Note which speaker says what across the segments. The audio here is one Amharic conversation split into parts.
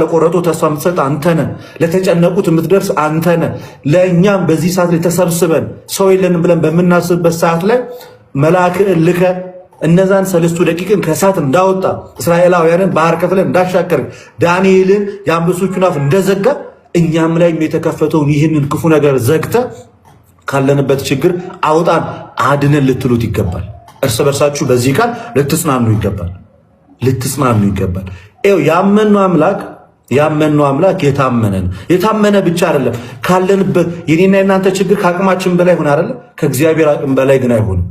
Speaker 1: ለቆረጡ ተስፋ የምትሰጥ አንተነ፣ ለተጨነቁት የምትደርስ አንተነ። ለእኛም በዚህ ሰዓት ላይ ተሰብስበን ሰው የለንም ብለን በምናስብበት ሰዓት ላይ መልአክን ልከ እነዛን ሰለስቱ ደቂቅን ከእሳት እንዳወጣ እስራኤላውያንን ባህር ከፍለን እንዳሻከር ዳንኤልን የአንበሶቹን አፍ እንደዘጋ እኛም ላይ የተከፈተውን ይህንን ክፉ ነገር ዘግተ ካለንበት ችግር አውጣን አድነን ልትሉት ይገባል። እርስ በርሳችሁ በዚህ ቃል ልትጽናኑ ይገባል። ልትጽናኑ ይገባል። ያመኑ አምላክ ያመንነው አምላክ የታመነ የታመነ ብቻ አይደለም ካለንበት የኔና የናንተ ችግር ከአቅማችን በላይ ሆነ አይደለ? ከእግዚአብሔር አቅም በላይ ግን አይሆንም።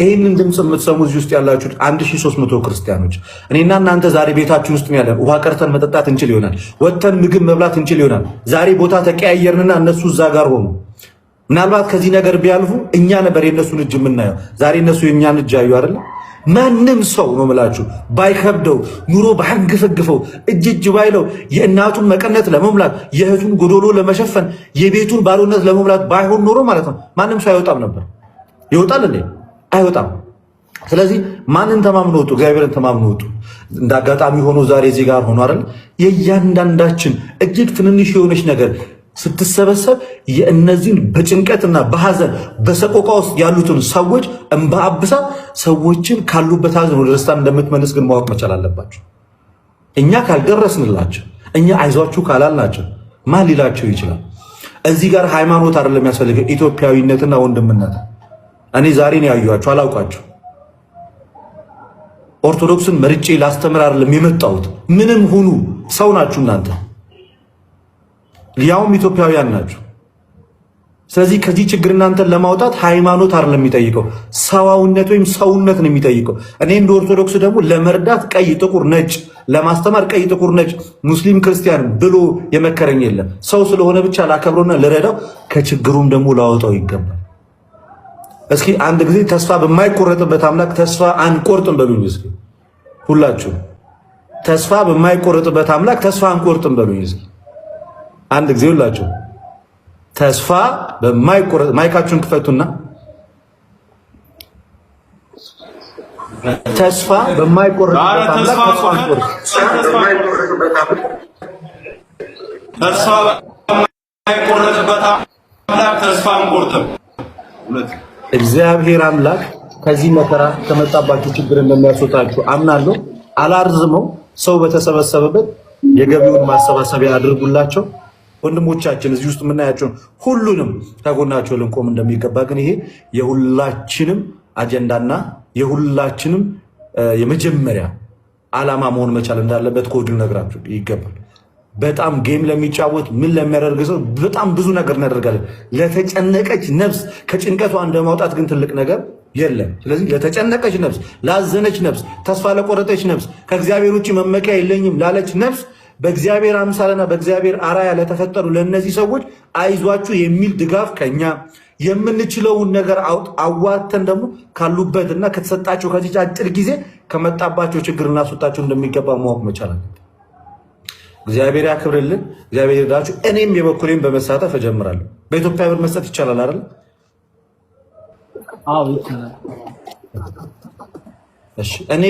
Speaker 1: ይህንን ድምፅ የምትሰሙ እዚህ ውስጥ ያላችሁ 1300 ክርስቲያኖች እኔና እናንተ ዛሬ ቤታችን ውስጥ ያለን ውሃ ቀርተን መጠጣት እንችል ይሆናል፣ ወጥተን ምግብ መብላት እንችል ይሆናል። ዛሬ ቦታ ተቀያየርንና እነሱ እዛ ጋር ሆኑ። ምናልባት ከዚህ ነገር ቢያልፉ እኛ ነበር የእነሱን እጅ የምናየው። ዛሬ እነሱ የእኛን እጅ አዩ አይደለም ማንም ሰው ነው ምላችሁ ባይከብደው ኑሮ ባያንገፈግፈው እጅ እጅ ባይለው የእናቱን መቀነት ለመሙላት የእህቱን ጎዶሎ ለመሸፈን የቤቱን ባዶነት ለመሙላት ባይሆን ኖሮ ማለት ነው ማንም ሰው አይወጣም ነበር። ይወጣል እንዴ? አይወጣም። ስለዚህ ማንን ተማምኖ ወጡ? እግዚአብሔርን ተማምኖ ወጡ። እንደ አጋጣሚ ሆኖ ዛሬ እዚህ ጋር ሆኖ አይደል? የእያንዳንዳችን እጅግ ትንንሽ የሆነች ነገር ስትሰበሰብ የእነዚህን በጭንቀትና በሐዘን በሰቆቃ ውስጥ ያሉትን ሰዎች እንባ አብሳ ሰዎችን ካሉበት ሐዘን ወደ ደስታ እንደምትመልስ ግን ማወቅ መቻል አለባቸው። እኛ ካልደረስንላቸው፣ እኛ አይዟችሁ ካላልናቸው ማን ሊላቸው ይችላል? እዚህ ጋር ሃይማኖት አይደለም የሚያስፈልገው፣ ኢትዮጵያዊነትና ወንድምነት። እኔ ዛሬን ነው ያዩዋችሁ፣ አላውቃችሁ። ኦርቶዶክስን መርጬ ላስተምር አይደለም የመጣሁት። ምንም ሁኑ ሰው ናችሁ እናንተ ያውም ኢትዮጵያውያን ናቸው። ስለዚህ ከዚህ ችግር እናንተን ለማውጣት ሃይማኖት አይደለም የሚጠይቀው፣ ሰዋውነት ወይም ሰውነት ነው የሚጠይቀው። እኔ እንደ ኦርቶዶክስ ደግሞ ለመርዳት ቀይ ጥቁር ነጭ፣ ለማስተማር ቀይ ጥቁር ነጭ፣ ሙስሊም ክርስቲያን ብሎ የመከረኝ የለም። ሰው ስለሆነ ብቻ ላከብረውና ልረዳው፣ ከችግሩም ደግሞ ላወጣው ይገባል። እስኪ አንድ ጊዜ ተስፋ በማይቆረጥበት አምላክ ተስፋ አንቆርጥም በሉኝ። እስኪ ሁላችሁ ተስፋ በማይቆረጥበት አምላክ ተስፋ አንቆርጥም በሉኝ እስኪ አንድ ጊዜ ሁላችሁ ተስፋ በማይቆረጥ ማይካችሁን ክፈቱና ተስፋ በማይቆረጥ እግዚአብሔር አምላክ ከዚህ መከራ ከመጣባችሁ ችግር እንደሚያስወጣችሁ አምናለሁ። አላርዝመው። ሰው በተሰበሰበበት የገቢውን ማሰባሰቢያ አድርጉላቸው። ወንድሞቻችን እዚህ ውስጥ የምናያቸውን ሁሉንም ከጎናቸው ልንቆም እንደሚገባ ግን ይሄ የሁላችንም አጀንዳና የሁላችንም የመጀመሪያ ዓላማ መሆን መቻል እንዳለበት ኮድ ልነግራችሁ ይገባል። በጣም ጌም ለሚጫወት ምን ለሚያደርግ ሰው በጣም ብዙ ነገር እናደርጋለን። ለተጨነቀች ነፍስ ከጭንቀቷ እንደማውጣት ግን ትልቅ ነገር የለም። ስለዚህ ለተጨነቀች ነፍስ፣ ላዘነች ነፍስ፣ ተስፋ ለቆረጠች ነፍስ፣ ከእግዚአብሔር ውጭ መመኪያ የለኝም ላለች ነፍስ በእግዚአብሔር አምሳልና በእግዚአብሔር አራያ ለተፈጠሩ ለእነዚህ ሰዎች አይዟችሁ የሚል ድጋፍ ከኛ የምንችለውን ነገር አዋተን ደግሞ ካሉበትና ከተሰጣቸው ከዚች አጭር ጊዜ ከመጣባቸው ችግር እናስወጣቸው እንደሚገባ ማወቅ መቻል እግዚአብሔር ያክብርልን። እግዚአብሔር ይርዳችሁ። እኔም የበኩሌን በመሳተፍ እጀምራለሁ። በኢትዮጵያ ብር መስጠት ይቻላል አይደል?
Speaker 2: እኔ